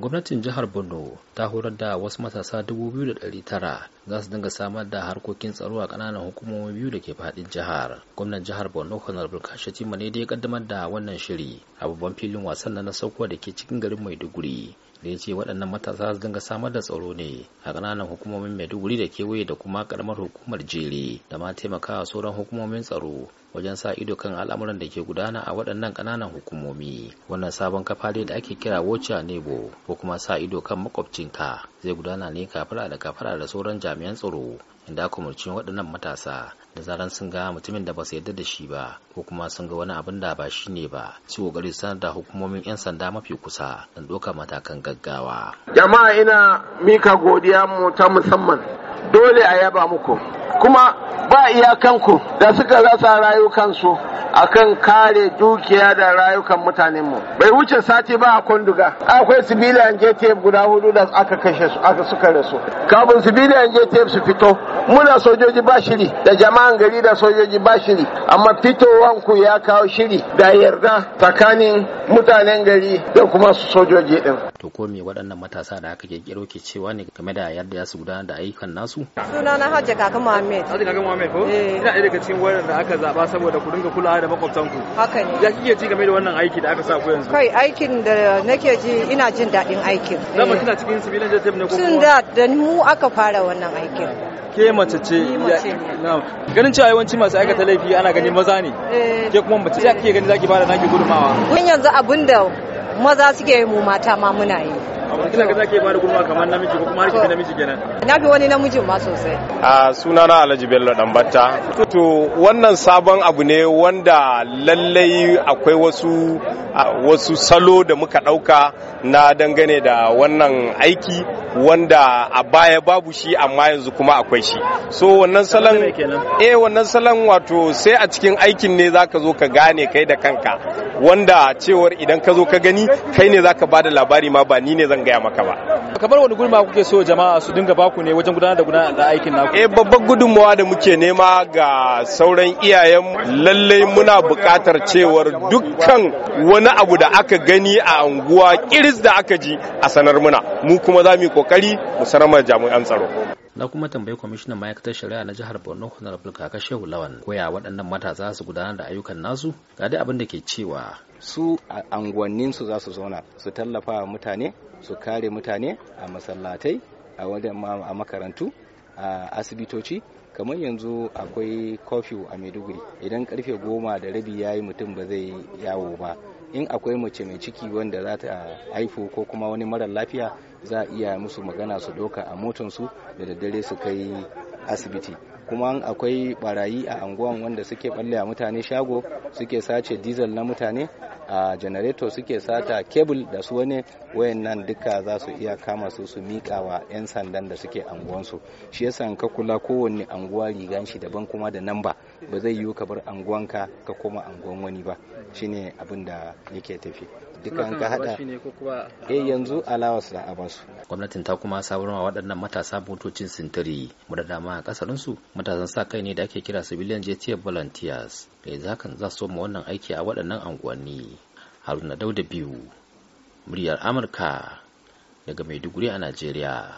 gwamnatin jihar borno ta horar da wasu matasa 2,900 za su dinga samar da harkokin tsaro a kananan hukumomi biyu da ke fadin jihar gwamnan jihar borno honorable kashe ne da ya kaddamar da wannan shiri a babban filin wasan na sauko da ke cikin garin maiduguri da ya ce waɗannan matasa su dinga samar da tsaro ne a ƙananan hukumomin maiduguri da kewaye da kuma ƙaramar hukumar jere da ma taimakawa sauran hukumomin tsaro wajen sa ido kan al'amuran da ke gudana a waɗannan ƙananan hukumomi wannan sabon kafa dai da ake kira wocha nebo ko kuma sa ido kan makwabcinka zai gudana ne kafara da kafara da sauran jami'an tsaro inda aka umarci waɗannan matasa da zaran sun ga mutumin da ba su yarda da shi ba ko kuma sun ga wani abin da ba shi ne ba su kokari sanar da hukumomin 'yan sanda mafi kusa don ɗaukar matakan gaggawa. jama'a ina mika godiya mu ta musamman dole a yaba muku kuma ba iyakanku da suka rasa rayukansu akan kare dukiya da rayukan mutanenmu bai wuce sati ba a kunduga akwai civilian jtf guda hudu da aka kashe su aka suka rasu kafin civilian jtf su fito muna sojoji ba shiri da jama'an gari da sojoji ba shiri amma fitowanku ya kawo shiri da yarda tsakanin mutanen gari da kuma sojoji din to ko me waɗannan matasa da aka kirkiro ke cewa ne game da yadda ya su gudanar da ayyukan nasu sunana Hajja Kaka Muhammed. Hajja Kaka Muhammed ko eh. ina ɗaya daga cikin da aka zaba saboda ku dinga kulawa da ku haka ne ya kike ji game da wannan aiki da aka sa ku yanzu kai aikin da nake ji ina jin daɗin aikin zama eh. kina cikin civilian ne ko tun da mu aka fara wannan aikin ke mace ce ganin cewa yawanci masu aikata laifi ana gani maza ne eh. ke kuma mace ce ake gani zaki bada naki gudumawa mun yanzu abin da maza suke mu mata ma muna yi amma kina ga zaki bada gudumawa kamar namiji ko kuma harki namiji kenan na bi wani namiji ma sosai a sunana Alhaji Bello Dambatta to wannan sabon abu ne wanda lallai akwai wasu wasu salo da muka ɗauka na dangane da wannan aiki wanda a baya babu shi amma yanzu kuma akwai shi so wannan salon eh wannan salon wato sai a cikin aikin ne zaka zo ka gane kai da kanka wanda cewar idan ka zo ka gani kai ne zaka bada labari ma ba ni ne zan gaya maka ba kamar wani gudunma kuke so jama'a su dinga baku ne wajen gudanar da gudanar da aikin naku eh babban gudunmawa da muke nema ga sauran iyayen lallai muna buƙatar cewar dukkan wani wani abu da aka gani a anguwa kiris da aka ji a sanar muna mu kuma za mu yi kokari mu sanar ma jami'an tsaro na kuma tambayi kwamishinan ma'aikatar shari'a na jihar borno honorable kaka shehu lawan koya waɗannan matasa su gudanar da ayyukan nasu ga dai abin da ke cewa su anguwannin su za su zauna su tallafa mutane su kare mutane a masallatai a makarantu a asibitoci kamar yanzu akwai curfew a maiduguri idan karfe goma da rabi ya yi mutum ba zai yawo ba in akwai mace mai ciki wanda za ta haifu ko kuma wani mara lafiya za a iya musu magana su doka a motansu da daddare su kai asibiti kuma akwai barayi a anguwan wanda suke balle a mutane shago suke sace dizal na mutane a janareto suke sata kebul da su wani wayannan duka za su iya kama su su mika wa 'yan sandan da suke anguwansu shi yasa ka kula kowanne anguwa rigan shi daban kuma da namba ba zai yiwu ka bar anguwanka ka koma anguwan wani ba shine abin da yake tafi duka an ka hada eh yanzu allowance da a basu gwamnatin ta kuma sabarwa waɗannan matasa motocin sintiri mu da dama a kasarin su matasan sa kai ne da ake kira civilian jet volunteers da zakan za su mu wannan aiki a waɗannan anguwanni Haruna Dauda biyu muryar Amurka daga Maiduguri a Najeriya